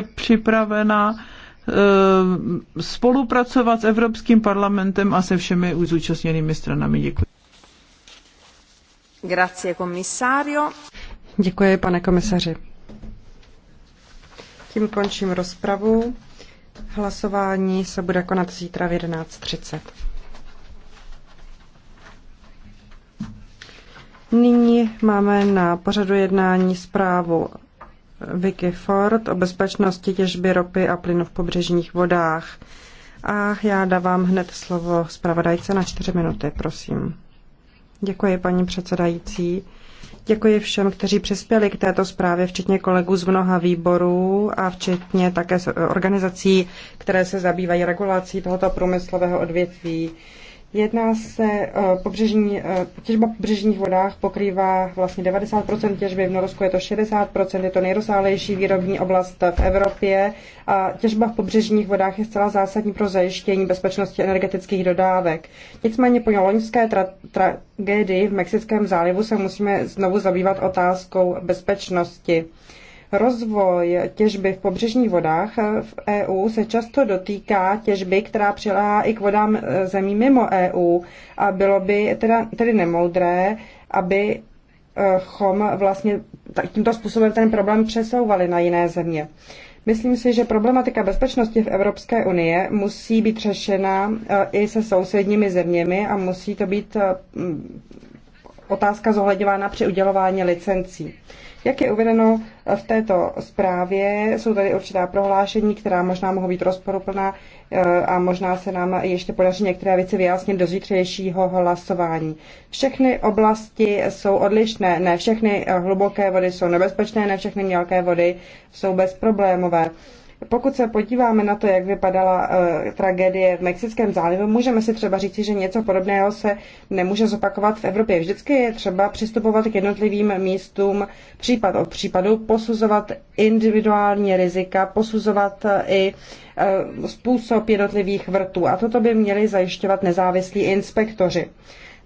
je připravena eh, spolupracovat s Evropským parlamentem a se všemi zúčastněnými stranami. Děkuji. Grazie, komisario. Děkuji, pane komisaři. Tím končím rozpravu. Hlasování se bude konat zítra v 11.30. Nyní máme na pořadu jednání zprávu Vicky Ford o bezpečnosti těžby ropy a plynu v pobřežních vodách. A já dávám hned slovo zpravodajce na čtyři minuty, prosím. Děkuji, paní předsedající. Děkuji všem, kteří přispěli k této zprávě, včetně kolegů z mnoha výborů a včetně také organizací, které se zabývají regulací tohoto průmyslového odvětví. Jedná se eh, pobřežní, eh, těžba v pobřežních vodách pokrývá vlastně 90% těžby, v Norsku je to 60%, je to nejrozsáhlejší výrobní oblast v Evropě a těžba v pobřežních vodách je zcela zásadní pro zajištění bezpečnosti energetických dodávek. Nicméně po loňské tra- tragédii v Mexickém zálivu se musíme znovu zabývat otázkou bezpečnosti. Rozvoj těžby v pobřežních vodách v EU se často dotýká těžby, která přiléhá i k vodám e, zemí mimo EU a bylo by teda, tedy nemoudré, aby e, chom vlastně tímto způsobem ten problém přesouvali na jiné země. Myslím si, že problematika bezpečnosti v Evropské unie musí být řešena e, i se sousedními zeměmi a musí to být otázka zohledňována při udělování licencí. Jak je uvedeno eh, v této zprávě, jsou tady určitá prohlášení, která možná mohou být rozporuplná eh, a možná se nám ještě podaří některé věci vyjasnit do zítřejšího hlasování. Všechny oblasti jsou odlišné, ne všechny eh, hluboké vody jsou nebezpečné, ne všechny mělké vody jsou bezproblémové. Pokud se podíváme na to, jak vypadala eh, tragédie v Mexickém zálivu, můžeme si třeba říct, že něco podobného se nemůže zopakovat v Evropě. Vždycky je třeba přistupovat k jednotlivým místům případ od případu, posuzovat individuální rizika, posuzovat eh, i eh, způsob jednotlivých vrtů. A toto by měli zajišťovat nezávislí inspektoři.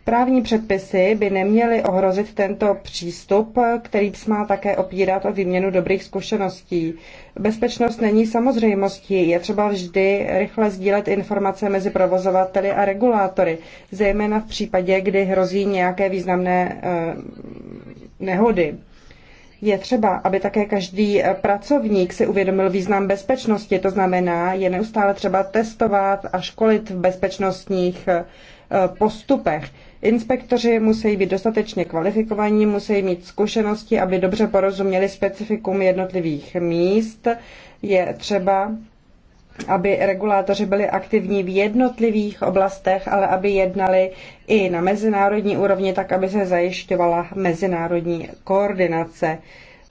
Právní předpisy by neměly ohrozit tento přístup, který má také opírat o výměnu dobrých zkušeností. Bezpečnost není samozřejmostí, je třeba vždy rychle sdílet informace mezi provozovateli a regulátory, zejména v případě, kdy hrozí nějaké významné eh, nehody. Je třeba, aby také každý eh, pracovník si uvědomil význam bezpečnosti, to znamená, je neustále třeba testovat a školit v bezpečnostních eh, postupech. Inspektoři musí být dostatečně kvalifikovaní, musí mít zkušenosti, aby dobře porozuměli specifikum jednotlivých míst. Je třeba, aby regulátoři byli aktivní v jednotlivých oblastech, ale aby jednali i na mezinárodní úrovni, tak aby se zajišťovala mezinárodní koordinace.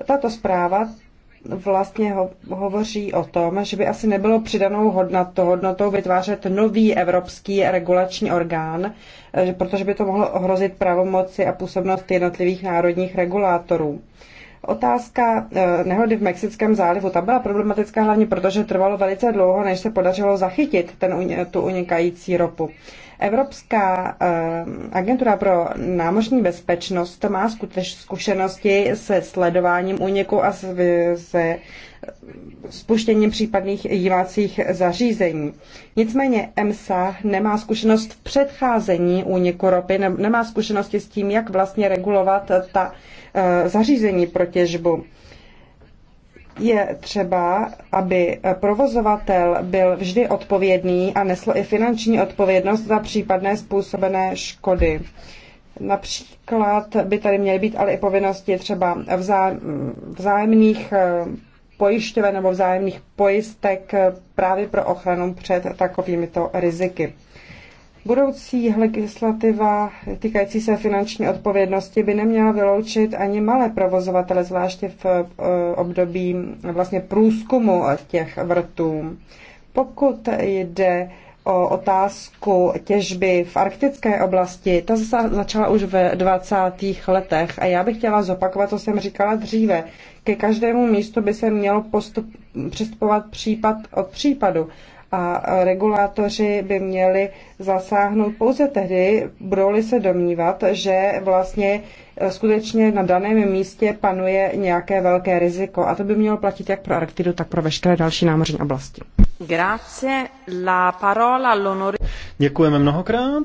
Tato zpráva vlastně ho, hovoří o tom, že by asi nebylo přidanou hodnotou, hodnotou vytvářet nový evropský regulační orgán, eh, protože by to mohlo ohrozit pravomoci a působnost jednotlivých národních regulátorů. Otázka eh, nehody v Mexickém zálivu, ta byla problematická hlavně proto, že trvalo velice dlouho, než se podařilo zachytit ten, tu unikající ropu. Evropská eh, agentura pro námořní bezpečnost má skutečně zkušenosti se sledováním úniku a se spuštěním případných jímacích zařízení. Nicméně EMSA nemá zkušenost v předcházení úniku ropy, nemá zkušenosti s tím, jak vlastně regulovat ta eh, zařízení pro těžbu je třeba, aby provozovatel byl vždy odpovědný a nesl i finanční odpovědnost za případné způsobené škody. Například by tady měly být ale i povinnosti třeba vzájemných eh, pojišťoven nebo vzájemných pojistek právě pro ochranu před takovýmito riziky. Budoucí legislativa týkající se finanční odpovědnosti by neměla vyloučit ani malé provozovatele, zvláště v eh, období vlastně průzkumu těch vrtů. Pokud jde o otázku těžby v arktické oblasti, ta začala už ve 20. letech a já bych chtěla zopakovat, co jsem říkala dříve. Ke každému místu by se mělo postup, přistupovat případ od případu a regulátoři by měli zasáhnout pouze tehdy, budou-li se domnívat, že vlastně skutečně na daném místě panuje nějaké velké riziko. A to by mělo platit jak pro Arktidu, tak pro veškeré další námořní oblasti. Grazie. La parola all'onore. Děkujeme mnohokrát.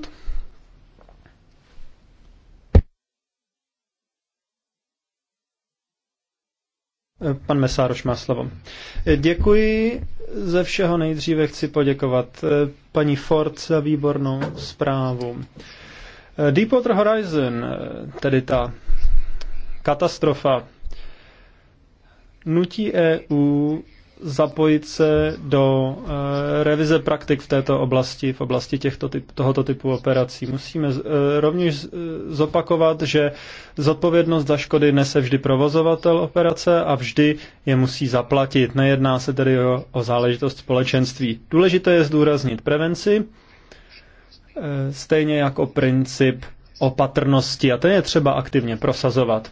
Pan Mesároš má slovo. Děkuji. Ze všeho nejdříve chci poděkovat eh, paní Ford za výbornou zprávu. Eh, Deepwater Horizon, eh, tedy ta katastrofa, nutí EU zapojit se do e, revize praktik v této oblasti, v oblasti těchto typ, tohoto typu operací. Musíme e, rovněž eh, zopakovat, že zodpovědnost za škody nese vždy provozovatel operace a vždy je musí zaplatit. Nejedná se tedy o, o záležitost společenství. Důležité je zdůraznit prevenci, e, stejně jako princip opatrnosti a ten je třeba aktivně prosazovat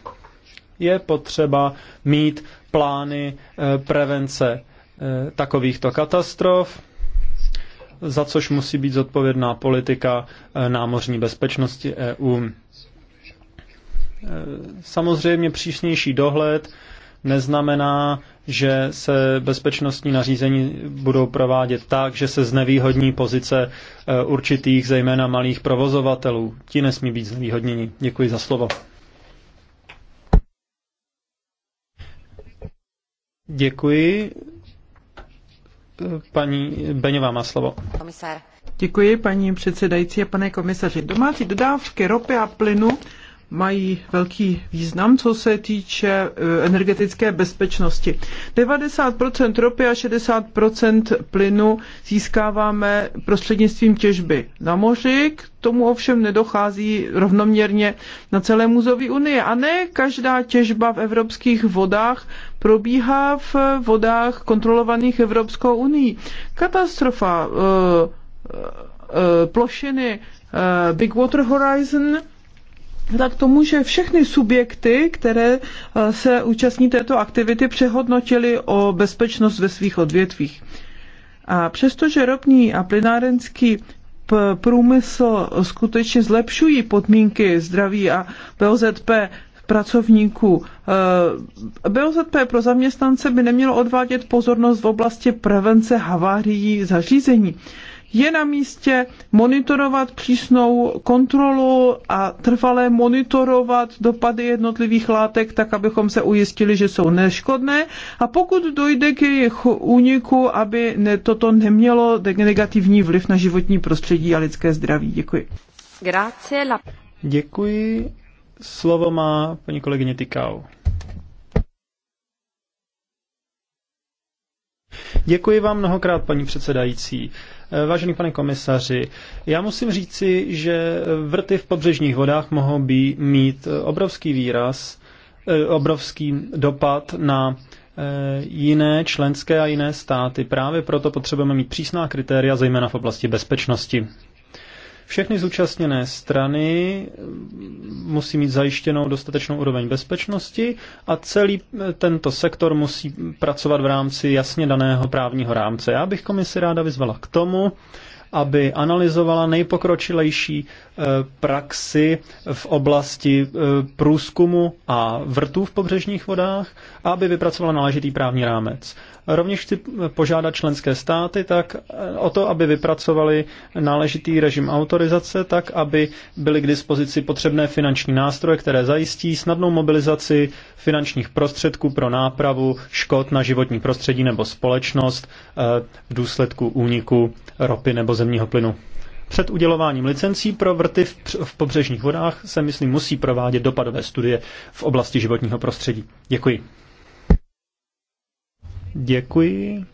je potřeba mít plány eh, prevence eh, takovýchto katastrof, za což musí být zodpovědná politika eh, námořní bezpečnosti EU. Samozřejmě přísnější dohled neznamená, že se bezpečnostní nařízení budou provádět tak, že se znevýhodní pozice určitých, zejména malých provozovatelů. Ti nesmí být znevýhodněni. Děkuji za slovo. Děkuji. Paní Beňová má slovo. Komisár. Děkuji, paní předsedající a pane komisaři. Domácí dodávky ropy a plynu mají velký význam, co se týče eh, energetické bezpečnosti. 90% ropy a 60% plynu získáváme prostřednictvím těžby na moři, k tomu ovšem nedochází rovnoměrně na celé muzové Unie. A ne každá těžba v evropských vodách probíhá v vodách kontrolovaných Evropskou unii. Katastrofa eh, eh, plošiny Big Water Horizon – tak tomu, že všechny subjekty, které eh, se účastní této aktivity, přehodnotili o bezpečnost ve svých odvětvích. A přestože ropný a plynárenský průmysl skutečně zlepšují podmínky zdraví a BOZP pracovníků. Eh, BOZP pro zaměstnance by nemělo odvádět pozornost v oblasti prevence havárií zařízení je na místě monitorovat přísnou kontrolu a trvale monitorovat dopady jednotlivých látek, tak abychom se ujistili, že jsou neškodné a pokud dojde k jejich úniku, aby ne, toto nemělo negativní vliv na životní prostředí a lidské zdraví. Děkuji. Děkuji. Slovo má paní kolegyně Tykau. Děkuji vám mnohokrát, paní předsedající. Vážený pane komisaři, já musím říci, že vrty v pobřežních vodách mohou být, mít obrovský výraz, eh, obrovský dopad na eh, jiné členské a jiné státy. Právě proto potřebujeme mít přísná kritéria, zejména v oblasti bezpečnosti. Všechny zúčastněné strany musí mít zajištěnou dostatečnou úroveň bezpečnosti a celý eh, tento sektor musí pracovat v rámci jasně daného právního rámce. Já bych komisi ráda vyzvala k tomu, aby analyzovala nejpokročilejší eh, praxi v oblasti eh, průzkumu a vrtů v pobřežních vodách a aby vypracovala náležitý právní rámec. Rovněž chci požádat členské státy tak eh, o to, aby vypracovali náležitý režim autorizace, tak aby byly k dispozici potřebné finanční nástroje, které zajistí snadnou mobilizaci finančních prostředků pro nápravu škod na životní prostředí nebo společnost eh, v důsledku úniku ropy nebo zemního plynu. Před udělováním licencí pro vrty v, v pobřežních vodách se, myslím, musí provádět dopadové studie v oblasti životního prostředí. Děkuji. Děkuji.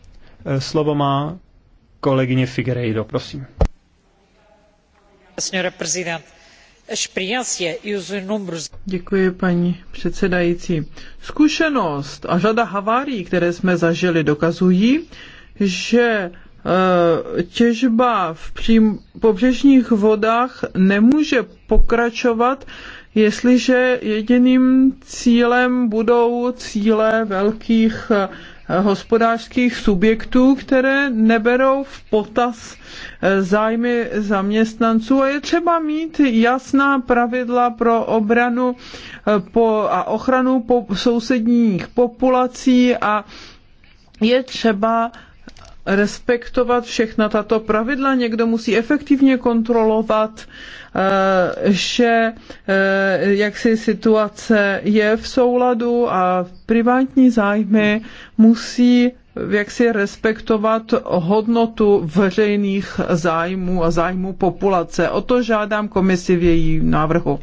Eh, slovo má kolegyně Figueiredo, prosím. E Děkuji, paní předsedající. Zkušenost a řada havárií, které jsme zažili, dokazují, že eh, těžba v přím, pobřežních vodách nemůže pokračovat, jestliže jediným cílem budou cíle velkých eh, hospodářských subjektů, které neberou v potaz eh, zájmy zaměstnanců a je třeba mít jasná pravidla pro obranu eh, a ochranu sousedních populací a je třeba respektovat všechna tato pravidla, někdo musí efektivně kontrolovat, eh, že eh, jak si situace je v souladu a privátní zájmy musí jak si respektovat hodnotu veřejných zájmů a zájmů populace. O to žádám komisi v její návrhu.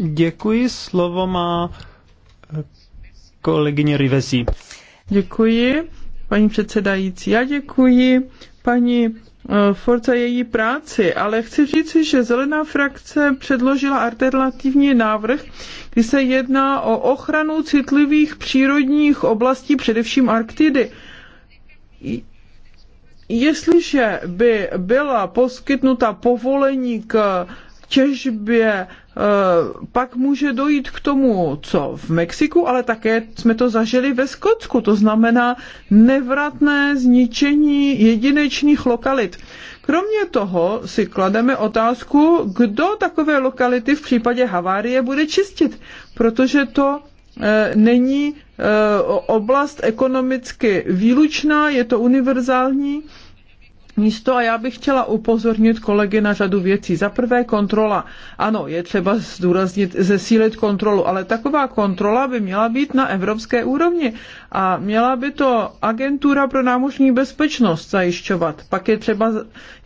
Děkuji, slovo má kolegyně Rivesi. Děkuji paní předsedající. Já děkuji paní eh, Forza její práci, ale chci říci, že Zelená frakce předložila alternativní návrh, kdy se jedná o ochranu citlivých přírodních oblastí, především Arktidy. Jestliže by byla poskytnuta povolení k těžbě Eh, pak může dojít k tomu, co v Mexiku, ale také jsme to zažili ve Skotsku, to znamená nevratné zničení jedinečných lokalit. Kromě toho si klademe otázku, kdo takové lokality v případě havárie bude čistit, protože to eh, není eh, oblast ekonomicky výlučná, je to univerzální místo a já bych chtěla upozornit kolegy na řadu věcí. Za prvé kontrola. Ano, je třeba zdůraznit, zesílit kontrolu, ale taková kontrola by měla být na evropské úrovni a měla by to agentura pro námořní bezpečnost zajišťovat. Pak je třeba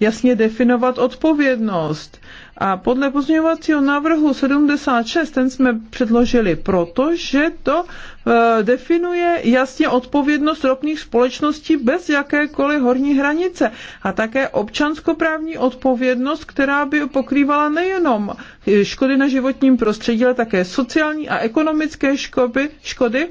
jasně definovat odpovědnost a podle pozměňovacího návrhu 76, ten jsme předložili proto, že to e, definuje jasně odpovědnost ropných společností bez jakékoliv horní hranice a také občanskoprávní odpovědnost, která by pokrývala nejenom škody na životním prostředí, ale také sociální a ekonomické škody, škody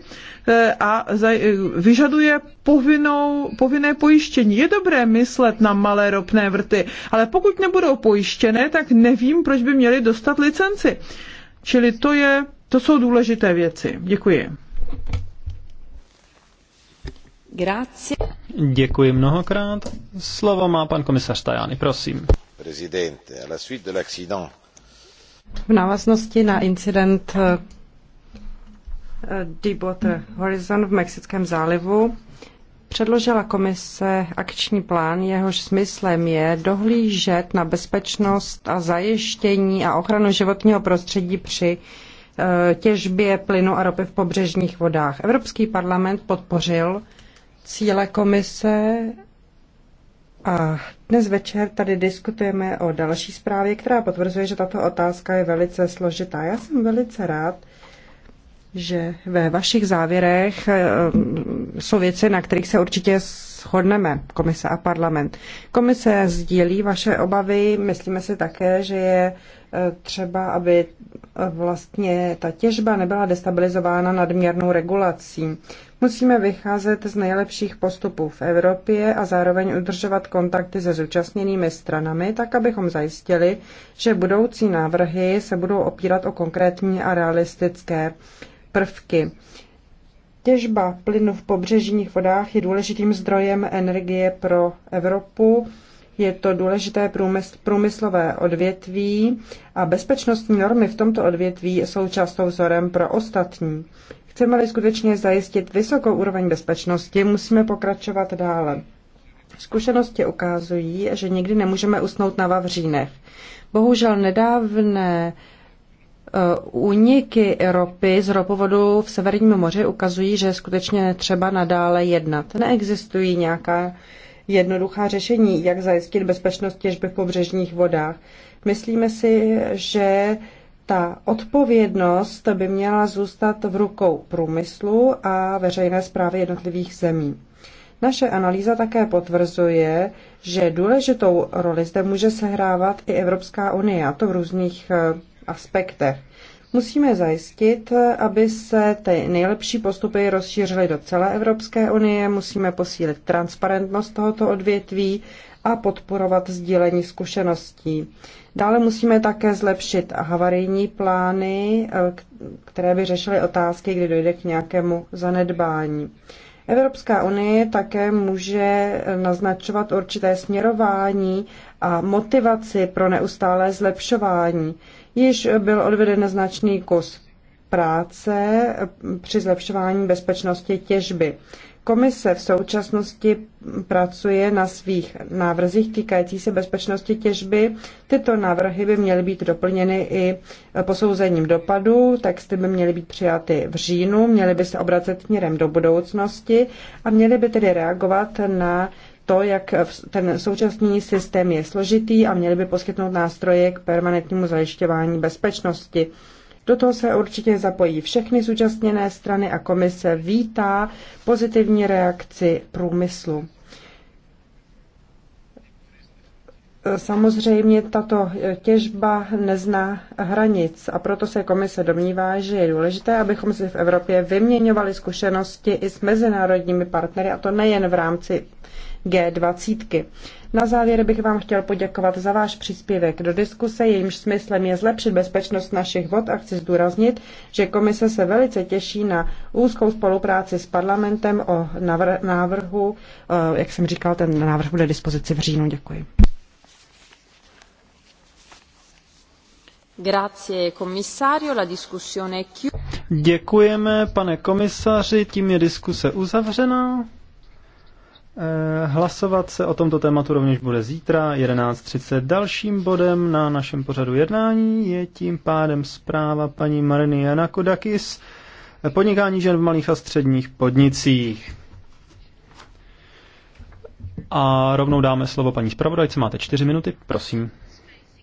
eh, a eh, vyžaduje povinnou, povinné pojištění. Je dobré myslet na malé ropné vrty, ale pokud nebudou pojištěné, tak nevím, proč by měli dostat licenci. Čili to, je, to jsou důležité věci. Děkuji. Grazie. Děkuji mnohokrát. Slovo má pan komisař Tajani, prosím. la suite de l'accident v návaznosti na incident eh, Deepwater Horizon v Mexickém zálivu předložila komise akční plán, jehož smyslem je dohlížet na bezpečnost a zajištění a ochranu životního prostředí při eh, těžbě plynu a ropy v pobřežních vodách. Evropský parlament podpořil cíle komise a dnes večer tady diskutujeme o další zprávě, která potvrzuje, že tato otázka je velice složitá. Já jsem velice rád, že ve vašich závěrech eh, mm, jsou věci, na kterých se určitě shodneme, komise a parlament. Komise sdílí vaše obavy, myslíme si také, že je eh, třeba, aby eh, vlastně ta těžba nebyla destabilizována nadměrnou regulací. Musíme vycházet z nejlepších postupů v Evropě a zároveň udržovat kontakty se zúčastněnými stranami, tak abychom zajistili, že budoucí návrhy se budou opírat o konkrétní a realistické prvky. Těžba plynu v pobřežních vodách je důležitým zdrojem energie pro Evropu. Je to důležité průmysl, průmyslové odvětví a bezpečnostní normy v tomto odvětví jsou často vzorem pro ostatní. Chceme-li skutečně zajistit vysokou úroveň bezpečnosti, musíme pokračovat dále. Zkušenosti ukazují, že nikdy nemůžeme usnout na Vavřínech. Bohužel nedávné eh, Úniky ropy z ropovodu v Severním moři ukazují, že skutečně třeba nadále jednat. Neexistují nějaká jednoduchá řešení, jak zajistit bezpečnost těžby v pobřežních vodách. Myslíme si, že ta odpovědnost by měla zůstat v rukou průmyslu a veřejné zprávy jednotlivých zemí. Naše analýza také potvrzuje, že důležitou roli zde může sehrávat i Evropská unie, a to v různých eh, aspektech. Musíme zajistit, aby se ty nejlepší postupy rozšířily do celé Evropské unie, musíme posílit transparentnost tohoto odvětví a podporovat sdílení zkušeností. Dále musíme také zlepšit havarijní plány, eh, které by řešily otázky, kdy dojde k nějakému zanedbání. Evropská unie také může naznačovat určité směrování a motivaci pro neustálé zlepšování. Již byl odveden značný kus práce při zlepšování bezpečnosti těžby. Komise v současnosti pracuje na svých návrzích týkající se bezpečnosti těžby. Tyto návrhy by měly být doplněny i posouzením dopadu, texty by měly být přijaty v říjnu, měly by se obracet směrem do budoucnosti a měly by tedy reagovat na to, jak ten současný systém je složitý a měly by poskytnout nástroje k permanentnímu zajišťování bezpečnosti. Do toho se určitě zapojí všechny zúčastněné strany a komise vítá pozitivní reakci průmyslu. Samozřejmě tato těžba nezná hranic a proto se komise domnívá, že je důležité, abychom si v Evropě vyměňovali zkušenosti i s mezinárodními partnery, a to nejen v rámci G20. Na závěr bych vám chtěl poděkovat za váš příspěvek do diskuse, jejímž smyslem je zlepšit bezpečnost našich vod a chci zdůraznit, že komise se velice těší na úzkou spolupráci s parlamentem o návrhu, eh, jak jsem říkal, ten návrh bude dispozici v říjnu. Děkuji. Děkujeme, pane komisaři, tím je diskuse uzavřena. Eh, hlasovat se o tomto tématu rovněž bude zítra 11.30. Dalším bodem na našem pořadu jednání je tím pádem zpráva paní Mariny Janakodakis. Eh, podnikání žen v malých a středních podnicích. A rovnou dáme slovo paní zpravodajce. Máte čtyři minuty, prosím.